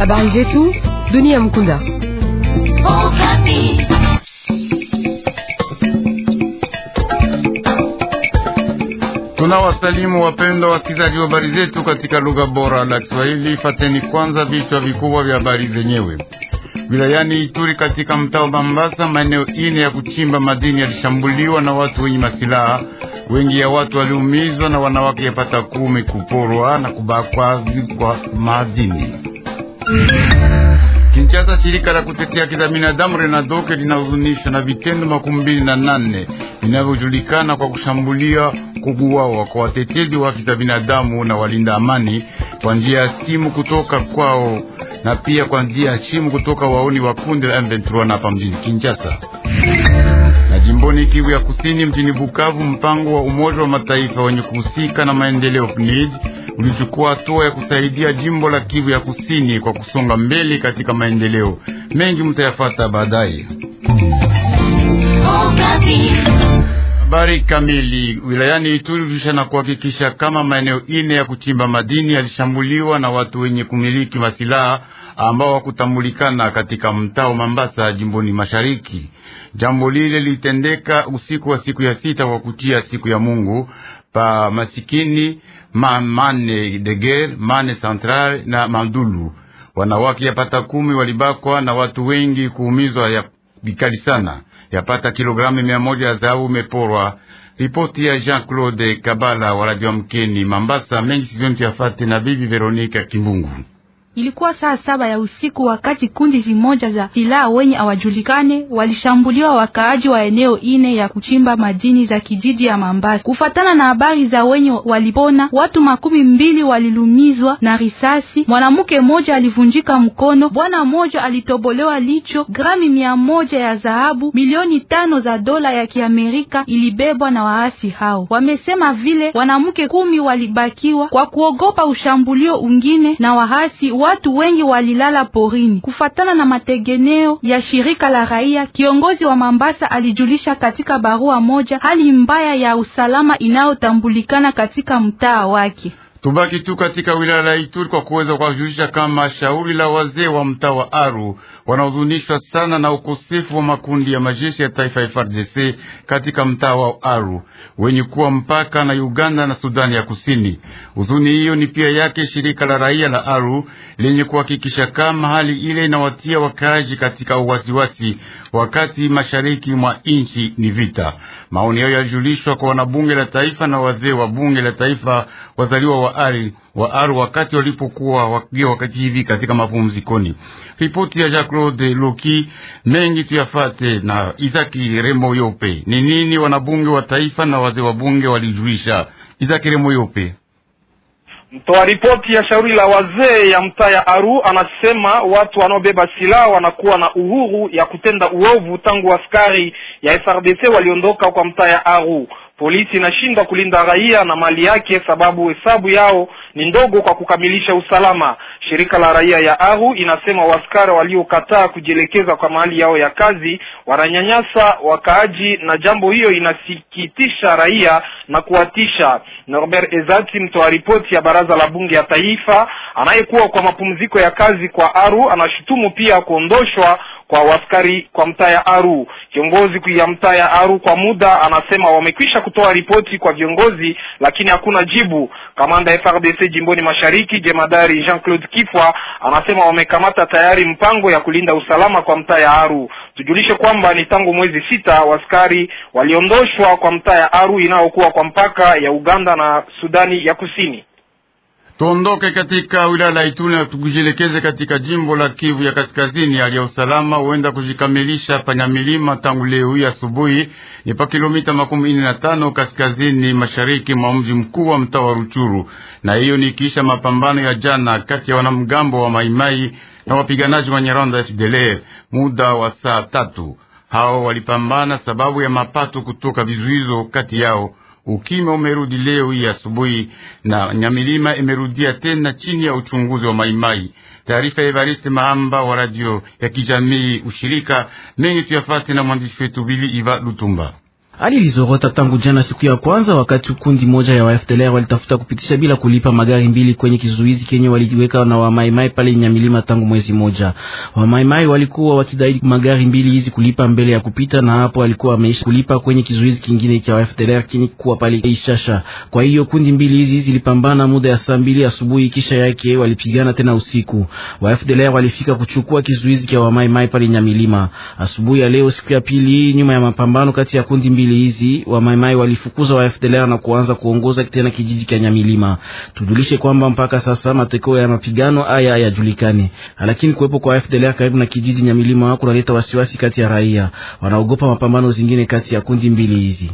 Habari zetu dunia mkunda. Tunawasalimu wapendwa wasikizaji wa habari zetu katika lugha bora la Kiswahili. Fateni kwanza vichwa vikubwa vya habari zenyewe. Wilayani Ituri katika mtaa wa Mambasa, maeneo ine ya kuchimba madini yalishambuliwa na watu wenye masilaha Wengi ya watu waliumizwa na wanawake yapata kumi kuporwa na kubakwa kwa madini. Kinshasa, shirika la kutetea haki za binadamu Renadoke linahuzunishwa na vitendo makumi mbili na nane vinavyojulikana kwa kushambulia kuguawa kwa watetezi wa haki za binadamu na walinda amani kwa njia ya simu kutoka kwao na pia kwa njia ya simu kutoka waoni wa kundi la M23 hapa mjini Kinshasa. Na jimboni Kivu ya Kusini, mjini Bukavu, mpango wa Umoja wa Mataifa wenye kuhusika na maendeleo PNUD ulichukua hatua ya kusaidia jimbo la Kivu ya Kusini kwa kusonga mbele katika maendeleo mengi. Mtayafata baadaye. Habari kamili wilayani Ituri ulisha na kuhakikisha kama maeneo ine ya kuchimba madini yalishambuliwa na watu wenye kumiliki masilaha ambao wakutambulikana katika mtao Mambasa, jimboni Mashariki. Jambo lile litendeka usiku wa siku ya sita wa kutia siku ya Mungu pa masikini ma mane Deger, mane Central na Mandulu. Wanawake yapata kumi walibakwa na watu wengi kuumizwa ya vikali sana, yapata kilogramu mia moja ya dhahabu imeporwa. Ripoti ya Jean-Claude Kabala wa Radio Mkeni Mambasa. Mengi sizontu yafate na bibi Veronika Kimbungu. Ilikuwa saa saba ya usiku wakati kundi vimoja za silaha wenye awajulikane walishambuliwa wakaaji wa eneo ine ya kuchimba madini za kijiji ya Mambasa. Kufatana na habari za wenye walipona, watu makumi mbili walilumizwa na risasi, mwanamke mmoja alivunjika mkono, bwana mmoja alitobolewa licho. Grami mia moja ya dhahabu, milioni tano za dola ya Kiamerika ilibebwa na waasi hao. Wamesema vile wanamke kumi walibakiwa kwa kuogopa ushambulio ungine na waasi wa watu wengi walilala porini. Kufatana na mategeneo ya shirika la raia, kiongozi wa Mambasa alijulisha katika barua moja hali mbaya ya usalama inayotambulikana katika mtaa wake. Tubaki tu katika wilaya la Ituri kwa kuweza kujulisha kama shauri la wazee wa mtaa wa Aru wanaozunishwa sana na ukosefu wa makundi ya majeshi ya taifa ya katika mtaa wa Aru wenye kuwa mpaka na Uganda na Sudani ya Kusini. Huzuni hiyo ni pia yake shirika la raia la Aru lenye kuhakikisha kama hali ile inawatia wakaaji katika uwasiwasi wakati mashariki mwa nchi ni vita. Maoni hayo yalijulishwa kwa wanabunge la taifa na wazee wa bunge la taifa wazaliwa wa ari wa Aru wakati walipokuwa wakiwa wakati hivi katika mapumzikoni. Ripoti ya Jacques Claude Loki mengi tuyafate na Izaki Remo Yope. Ni nini wanabunge wa taifa na wazee wa bunge walijulisha? Izaki Remo Yope Mtoa ripoti ya shauri la wazee ya mtaa ya Aru anasema watu wanaobeba silaha wanakuwa na uhuru ya kutenda uovu tangu askari ya FRDC waliondoka kwa mtaa ya Aru. Polisi inashindwa kulinda raia na mali yake sababu hesabu yao ni ndogo kwa kukamilisha usalama. Shirika la raia ya Aru inasema waskari waliokataa kujielekeza kwa mahali yao ya kazi wananyanyasa wakaaji, na jambo hiyo inasikitisha raia na kuwatisha. Norbert Ezati, mtoa ripoti ya baraza la bunge ya taifa anayekuwa kwa mapumziko ya kazi kwa Aru, anashutumu pia kuondoshwa kwa waskari kwa mtaa ya Aru. Kiongozi ya mtaa ya Aru kwa muda anasema wamekwisha kutoa ripoti kwa viongozi, lakini hakuna jibu. Kamanda FRDC jimboni mashariki jemadari Jean Claude Kifwa anasema wamekamata tayari mpango ya kulinda usalama kwa mtaa ya Aru. Tujulishe kwamba ni tangu mwezi sita waskari waliondoshwa kwa mtaa ya Aru inayokuwa kwa mpaka ya Uganda na Sudani ya Kusini. Tuondoke katika wilaya la Ituna, tukujielekeze katika jimbo la Kivu ya Kaskazini. Hali ya usalama huenda kujikamilisha Panyamilima tangu leo hii asubuhi, ni pa kilomita makumi nne na tano kaskazini mashariki mwa mji mkuu wa mtaa wa Ruchuru, na hiyo ni kisha mapambano ya jana kati ya wanamgambo wa Maimai na wapiganaji wa nyaranda FDLR muda wa saa tatu. Hao walipambana sababu ya mapato kutoka vizuizo kati yao. ukima umerudi leo hii asubuhi, na Nyamilima imerudia tena chini ya uchunguzi wa Maimai. Taarifa ya Evariste Maamba wa radio ya kijamii ushirika mengi tuyafate na mwandishi wetu Bili Iva Lutumba. Hali ilizorota tangu jana siku ya kwanza, wakati kundi moja ya waftlr walitafuta kupitisha bila kulipa magari mbili kwenye kizuizi kenye waliweka na wamaimai pale Nyamilima tangu mwezi moja. Wamaimai walikuwa wakidai magari mbili hizi kulipa mbele ya kupita, na hapo walikuwa wameisha kulipa kwenye kizuizi kingine cha waftlr kini kuwa pale Ishasha. Kwa hiyo kundi mbili hizi zilipambana muda ya saa mbili asubuhi, kisha yake walipigana tena usiku. Waftlr walifika kuchukua kizuizi cha wamaimai pale Nyamilima asubuhi ya leo, siku ya pili, nyuma ya mapambano kati ya kundi mbili mbili hizi wa Maimai walifukuza wa FDLR na kuanza kuongoza tena kijiji cha Nyamilima. Tujulishe kwamba mpaka sasa matokeo ya mapigano haya hayajulikani, lakini kuwepo kwa FDLR karibu na kijiji Nyamilima kunaleta wasiwasi kati ya raia, wanaogopa mapambano zingine kati ya kundi mbili hizi.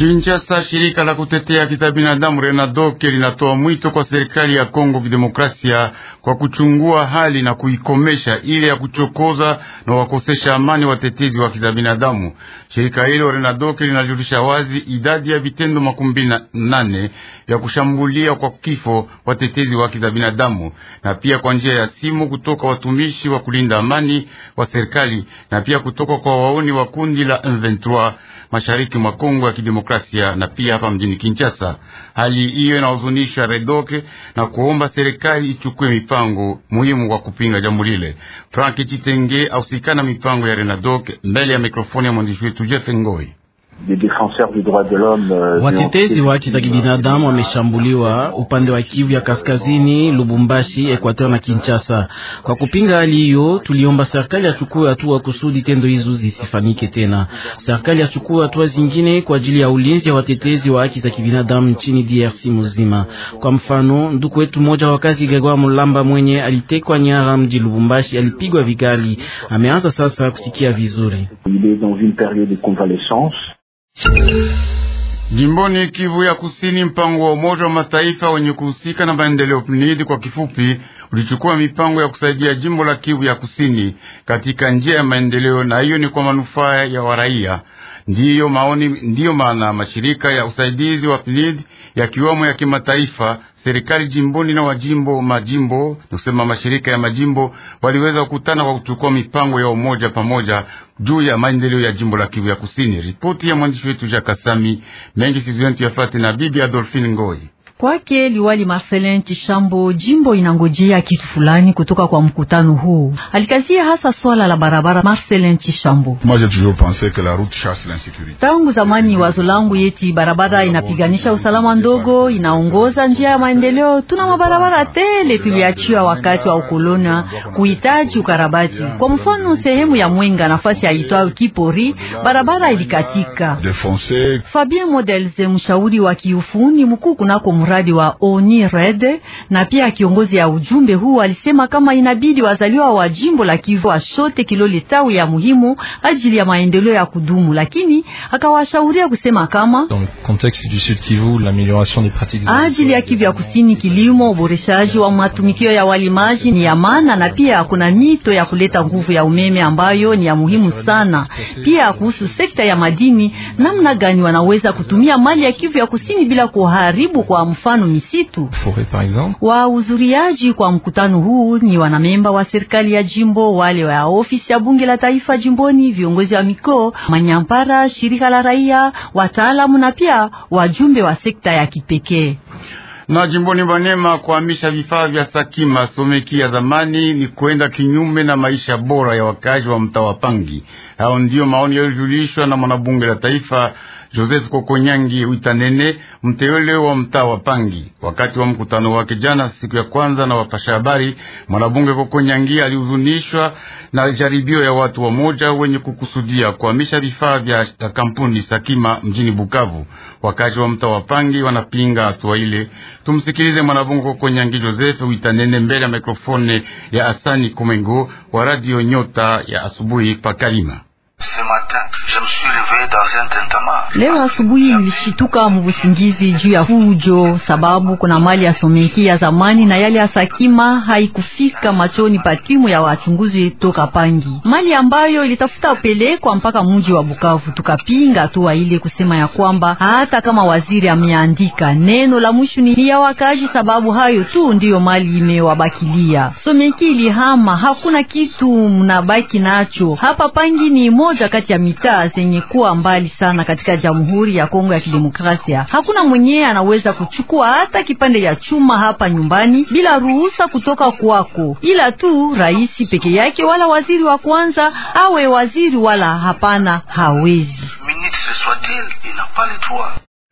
Kinshasa, shirika la kutetea haki za binadamu Renadoke linatoa mwito kwa serikali ya Kongo Kidemokrasia kwa kuchungua hali na kuikomesha ile ya kuchokoza na wakosesha amani watetezi wa haki za binadamu. Shirika hilo Renadoke linajulisha wazi idadi ya vitendo makumi nane ya kushambulia kwa kifo watetezi wa haki za binadamu, na pia kwa njia ya simu kutoka watumishi wa kulinda amani wa serikali, na pia kutoka kwa waoni wa kundi la M23 mashariki mwa Kongo ya Kidemokrasia. Demokrasia na pia hapa mjini Kinshasa. Hali hiyo inahuzunisha Redoke na kuomba serikali ichukue mipango muhimu kwa kupinga jambo lile. Frank Chitenge ausikana mipango ya Renadoke mbele ya mikrofoni ya mwandishi wetu Jeff Ngoi. Euh, watetezi wa haki za kibinadamu euh, wameshambuliwa upande wa Kivu ya Kaskazini, Lubumbashi, Ekwateur na Kinshasa. Kwa kupinga hali hiyo, tuliomba serikali achukue hatua kusudi tendo hizo zisifanyike tena. Serikali achukue hatua zingine kwa ajili ya ulinzi ya watetezi wa haki za kibinadamu nchini DRC mzima. Kwa mfano, ndugu wetu mmoja wa kazi Gregor Mulamba mwenye alitekwa nyara mji Lubumbashi alipigwa vigali ameanza sasa kusikia vizuri. Jimboni Kivu ya Kusini, mpango wa Umoja wa Mataifa wenye kuhusika na maendeleo PNID kwa kifupi, ulichukua mipango ya kusaidia jimbo la Kivu ya Kusini katika njia ya maendeleo, na hiyo ni kwa manufaa ya waraia. Ndiyo maoni, ndiyo maana mashirika ya usaidizi wa ya yakiwamo ya kimataifa serikali jimboni na wajimbo majimbo nikusema mashirika ya majimbo waliweza kukutana kwa kuchukua mipango ya umoja pamoja juu ya maendeleo ya jimbo la Kivu ya Kusini. Ripoti ya mwandishi wetu Jakasami mengi siziwentu yafati na bibi Adolfine Ngoi. Kwake liwali Marcelin Chishambo, jimbo inangojea kitu fulani kutoka kwa mkutano huu. Alikazia hasa swala la barabara. Marcelin Chishambo: tangu zamani wazo langu yeti barabara inapiganisha usalama ndogo, inaongoza njia ya maendeleo. Tuna mabarabara tele tuliachiwa wakati wa ukolona kuhitaji ukarabati. Kwa mfano, sehemu ya Mwenga nafasi aitwayo Kipori, barabara ilikatika. Fabien Modelze, mshauri wa kiufundi mkuu kunako mradi wa Red na pia kiongozi ya ujumbe huu alisema kama inabidi wazaliwa wa jimbo la Kivu washote kilole tawi ya muhimu ajili ya maendeleo ya kudumu, lakini akawashauria kusema kama ajili ya Kivu ya kusini kilimo, uboreshaji wa matumikio ya walimaji ni ya maana, na pia kuna mito ya kuleta nguvu ya umeme ambayo ni ya muhimu sana. Pia kuhusu sekta ya madini, namna gani wanaweza kutumia mali ya Kivu ya kusini bila kuharibu kwa mfano misitu Fure, par exemple. Wahudhuriaji kwa mkutano huu ni wanamemba wa serikali ya jimbo, wale wa ofisi ya bunge la taifa jimboni, viongozi wa mikoa, manyampara, shirika la raia, wataalamu na pia wajumbe wa sekta ya kipekee na jimboni Manema kuhamisha vifaa vya Sakima Someki ya zamani ni kwenda kinyume na maisha bora ya wakazi wa mtaa wa Pangi. Hao ndio maoni yaliyojulishwa na mwanabunge la taifa Joseph Kokonyangi Witanene, mteule wa mtaa wa Pangi. Wakati wa mkutano wake jana siku ya kwanza na wapasha habari, mwanabunge Kokonyangi alihuzunishwa na jaribio ya watu wa moja wenye kukusudia kuhamisha vifaa vya kampuni Sakima mjini Bukavu. Wakazi wa mtaa wa Pangi wanapinga hatua ile. Tumsikilize mwanabunge Kokonyangi Joseph Witanene mbele ya mikrofone ya Asani Komengo wa Radio Nyota ya asubuhi pa Kalima. Leo asubuhi nilishituka mvusingizi juu ya fujo, sababu kuna mali ya Someki ya zamani na yale ya Sakima haikufika machoni pa timu ya wachunguzi toka Pangi, mali ambayo ilitafuta upelekwa mpaka mji wa Bukavu. Tukapinga hatua ile kusema ya kwamba hata kama waziri ameandika neno la mwisho ni ya wakaji sababu hayo tu ndiyo mali imewabakilia. Someki ilihama, hakuna kitu mnabaki nacho hapa. Pangi ni moja kati ya mitaa zenye kuwa mbali sana katika Jamhuri ya Kongo ya Kidemokrasia. Hakuna mwenyewe anaweza kuchukua hata kipande ya chuma hapa nyumbani bila ruhusa kutoka kwako, ila tu rais peke yake, wala waziri wa kwanza awe waziri, wala hapana, hawezi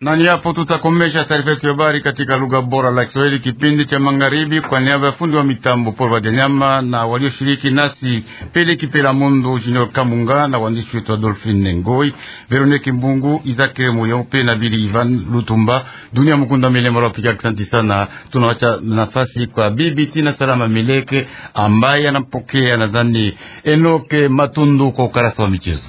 na ni hapo tutakomesha taarifa yetu ya habari katika lugha bora la Kiswahili, kipindi cha magharibi. Kwa niaba ya fundi wa mitambo Paul Wajanyama na walioshiriki nasi Pele Kipela Mundu, Junior Kamunga na waandishi wetu Adolfine nengoi Veronike Mbungu, Izakire Moyope na Bili Ivan Lutumba, Dunia Mukunda Mele Marafiki. Asante sana, tunawacha nafasi kwa BBT na Salama Mileke ambaye anapokea nadhani Enoke Matundu kwa ukarasa wa michezo.